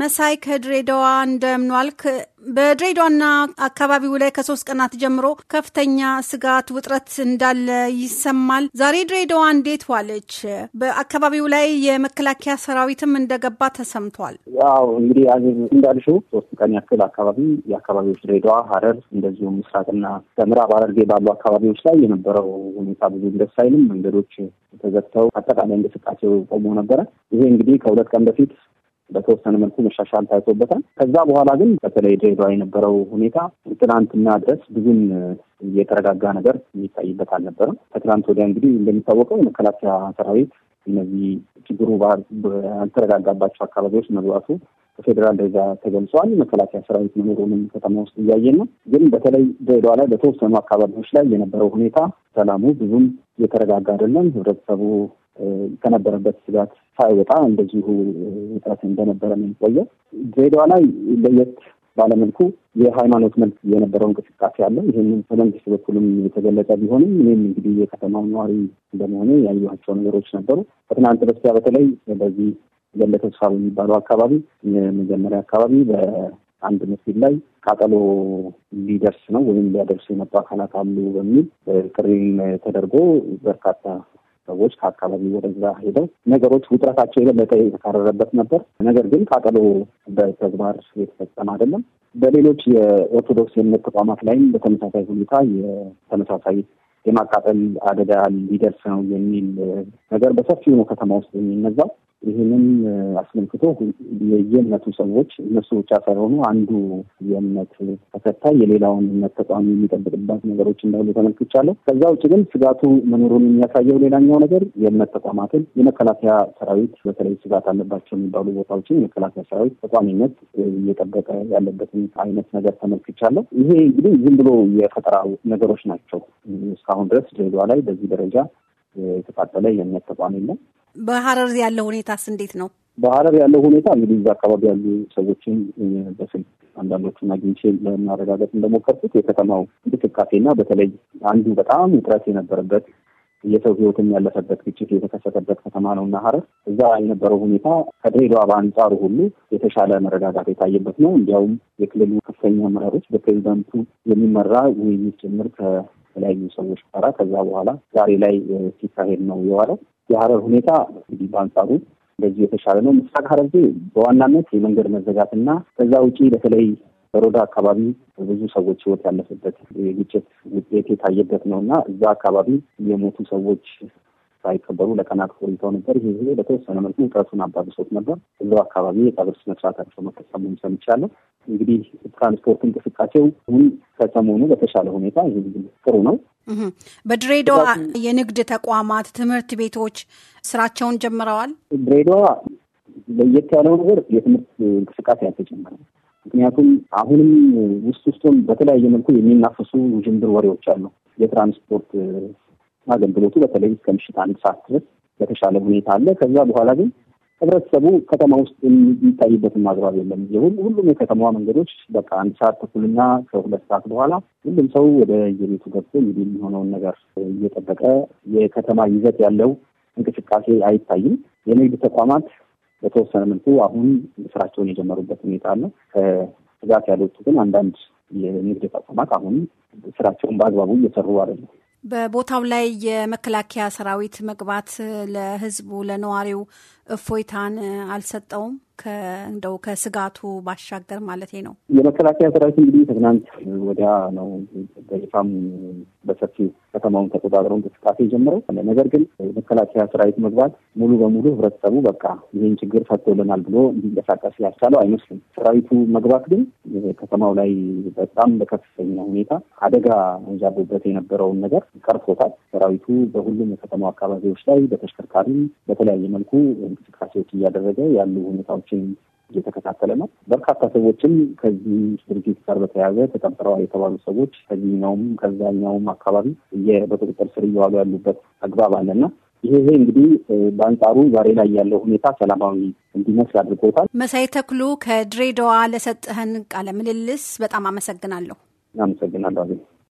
መሳይ ከድሬዳዋ እንደምንዋልክ። በድሬዳዋና አካባቢው ላይ ከሶስት ቀናት ጀምሮ ከፍተኛ ስጋት፣ ውጥረት እንዳለ ይሰማል። ዛሬ ድሬዳዋ እንዴት ዋለች? በአካባቢው ላይ የመከላከያ ሰራዊትም እንደገባ ተሰምቷል። ያው እንግዲህ አዜብ እንዳልሽው ሶስት ቀን ያክል አካባቢ የአካባቢዎች ድሬዳዋ፣ ሀረር እንደዚሁም ምስራቅና በምዕራብ ሐረርጌ ባሉ አካባቢዎች ላይ የነበረው ሁኔታ ብዙ ደስ አይልም። መንገዶች ተዘግተው አጠቃላይ እንቅስቃሴው ቆሞ ነበረ። ይሄ እንግዲህ ከሁለት ቀን በፊት በተወሰነ መልኩ መሻሻል ታይቶበታል። ከዛ በኋላ ግን በተለይ ድሬዳዋ የነበረው ሁኔታ ትናንትና ድረስ ብዙም የተረጋጋ ነገር የሚታይበት አልነበረም። ከትናንት ወዲያ እንግዲህ እንደሚታወቀው የመከላከያ ሰራዊት እነዚህ ችግሩ ያልተረጋጋባቸው አካባቢዎች መግባቱ በፌዴራል ደረጃ ተገልጿል። መከላከያ ሰራዊት መኖሩንም ከተማ ውስጥ እያየን ነው። ግን በተለይ ድሬዳዋ ላይ በተወሰኑ አካባቢዎች ላይ የነበረው ሁኔታ ሰላሙ ብዙም እየተረጋጋ አይደለም። ህብረተሰቡ ከነበረበት ስጋት ሳይወጣ እንደዚሁ ውጥረት እንደነበረ ነው የሚቆየው። ድሬዳዋ ላይ ለየት ባለመልኩ የሃይማኖት መልክ የነበረው እንቅስቃሴ አለ። ይህም በመንግስት በኩልም የተገለጸ ቢሆንም እኔም እንግዲህ የከተማው ነዋሪ እንደመሆነ ያየኋቸው ነገሮች ነበሩ። ከትናንት በስቲያ በተለይ በዚህ ገለ ተስፋ በሚባለው አካባቢ የመጀመሪያ አካባቢ በአንድ መስጊድ ላይ ቃጠሎ ሊደርስ ነው ወይም ሊያደርሱ የመጡ አካላት አሉ በሚል ጥሪ ተደርጎ በርካታ ሰዎች ከአካባቢ ወደዛ ሄደው ነገሮች ውጥረታቸው የበለጠ የተካረረበት ነበር። ነገር ግን ቃጠሎ በተግባር የተፈጸመ አይደለም። በሌሎች የኦርቶዶክስ የእምነት ተቋማት ላይም በተመሳሳይ ሁኔታ የተመሳሳይ የማቃጠል አደጋ ሊደርስ ነው የሚል ነገር በሰፊው ነው ከተማ ውስጥ የሚነዛው። ይህንን አስመልክቶ የየእምነቱ ሰዎች እነሱ ብቻ ሳይሆኑ አንዱ የእምነት ተከታይ የሌላውን እምነት ተቋሚ የሚጠብቅባት ነገሮች እንዳሉ ተመልክቻለሁ። ከዛ ውጭ ግን ስጋቱ መኖሩን የሚያሳየው ሌላኛው ነገር የእምነት ተቋማትን የመከላከያ ሰራዊት በተለይ ስጋት አለባቸው የሚባሉ ቦታዎችን የመከላከያ ሰራዊት ተቋሚነት እየጠበቀ ያለበትን አይነት ነገር ተመልክቻለሁ። ይሄ እንግዲህ ዝም ብሎ የፈጠራ ነገሮች ናቸው። እስካሁን ድረስ ድሬዳዋ ላይ በዚህ ደረጃ የተቃጠለ የእምነት ተቋም የለም። በሀረር ያለው ሁኔታስ እንዴት ነው? በሀረር ያለው ሁኔታ እንግዲህ እዛ አካባቢ ያሉ ሰዎችን በስልክ አንዳንዶቹን አግኝቼ ለማረጋገጥ እንደሞከርኩት የከተማው እንቅስቃሴና በተለይ አንዱ በጣም ውጥረት የነበረበት የሰው ህይወትም ያለፈበት ግጭት የተከሰተበት ከተማ ነው እና ሀረር እዛ የነበረው ሁኔታ ከድሬዳዋ በአንጻሩ ሁሉ የተሻለ መረጋጋት የታየበት ነው። እንዲያውም የክልሉ ከፍተኛ አመራሮች በፕሬዚዳንቱ የሚመራ ውይይት ጭምር ከተለያዩ ሰዎች ጋራ ከዛ በኋላ ዛሬ ላይ ሲካሄድ ነው የዋለው። የሀረር ሁኔታ እንግዲህ በአንጻሩ እንደዚህ የተሻለ ነው። ምስራቅ ሐረርጌ በዋናነት የመንገድ መዘጋት እና ከዛ ውጪ በተለይ በሮዳ አካባቢ ብዙ ሰዎች ህይወት ያለፈበት የግጭት ውጤት የታየበት ነው እና እዛ አካባቢ የሞቱ ሰዎች ሳይከበሩ ለቀናት ቆይተው ነበር። ይህ ጊዜ በተወሰነ መልኩ ውጥረቱን አባብሶት ነበር። እዛው አካባቢ የቀብር ስነስርዓታቸው መፈጸሙን ሰምቻለሁ። እንግዲህ ትራንስፖርት እንቅስቃሴው ሁን ከሰሞኑ በተሻለ ሁኔታ ይህ ጥሩ ነው። በድሬዳዋ የንግድ ተቋማት፣ ትምህርት ቤቶች ስራቸውን ጀምረዋል። ድሬዳዋ ለየት ያለው ነገር የትምህርት እንቅስቃሴ አልተጀመረ። ምክንያቱም አሁንም ውስጥ ውስጡን በተለያየ መልኩ የሚናፈሱ ውዥንብር ወሬዎች አሉ። የትራንስፖርት አገልግሎቱ በተለይ እስከ ምሽት አንድ ሰዓት ድረስ በተሻለ ሁኔታ አለ። ከዛ በኋላ ግን ህብረተሰቡ ከተማ ውስጥ የሚታይበትም አግባብ የለም። ሁሉም የከተማዋ መንገዶች በቃ አንድ ሰዓት ተኩልና ከሁለት ሰዓት በኋላ ሁሉም ሰው ወደ የቤቱ ገብቶ እንግዲህ የሚሆነውን ነገር እየጠበቀ የከተማ ይዘት ያለው እንቅስቃሴ አይታይም። የንግድ ተቋማት በተወሰነ መልኩ አሁን ስራቸውን የጀመሩበት ሁኔታ አለ። ከስጋት ያልወጡ ግን አንዳንድ የንግድ ተቋማት አሁን ስራቸውን በአግባቡ እየሰሩ አይደለም። በቦታው ላይ የመከላከያ ሰራዊት መግባት ለህዝቡ ለነዋሪው እፎይታን አልሰጠውም። እንደው ከስጋቱ ባሻገር ማለት ነው። የመከላከያ ሰራዊት እንግዲህ ከትናንት ወዲያ ነው በይፋም በሰፊው ከተማውን ተቆጣጥረው እንቅስቃሴ ጀምረው፣ ነገር ግን መከላከያ ሰራዊት መግባት ሙሉ በሙሉ ህብረተሰቡ በቃ ይህን ችግር ፈቶልናል ብሎ እንዲንቀሳቀስ ያስቻለው አይመስልም። ሰራዊቱ መግባት ግን ከተማው ላይ በጣም በከፍተኛ ሁኔታ አደጋ አንዣቦበት የነበረውን ነገር ቀርፎታል። ሰራዊቱ በሁሉም የከተማው አካባቢዎች ላይ በተሽከርካሪ በተለያየ መልኩ እንቅስቃሴዎች እያደረገ ያሉ ሁኔታዎችን እየተከታተለ ነው። በርካታ ሰዎችም ከዚህ ድርጊት ጋር በተያያዘ ተጠርጥረዋል የተባሉ ሰዎች ከዚህኛውም ከዛኛውም አካባቢ በቁጥጥር ስር እየዋሉ ያሉበት አግባብ አለና ይሄ እንግዲህ በአንጻሩ ዛሬ ላይ ያለው ሁኔታ ሰላማዊ እንዲመስል አድርጎታል። መሳይ ተክሉ ከድሬዳዋ ለሰጠህን ቃለ ምልልስ በጣም አመሰግናለሁ። አመሰግናለሁ።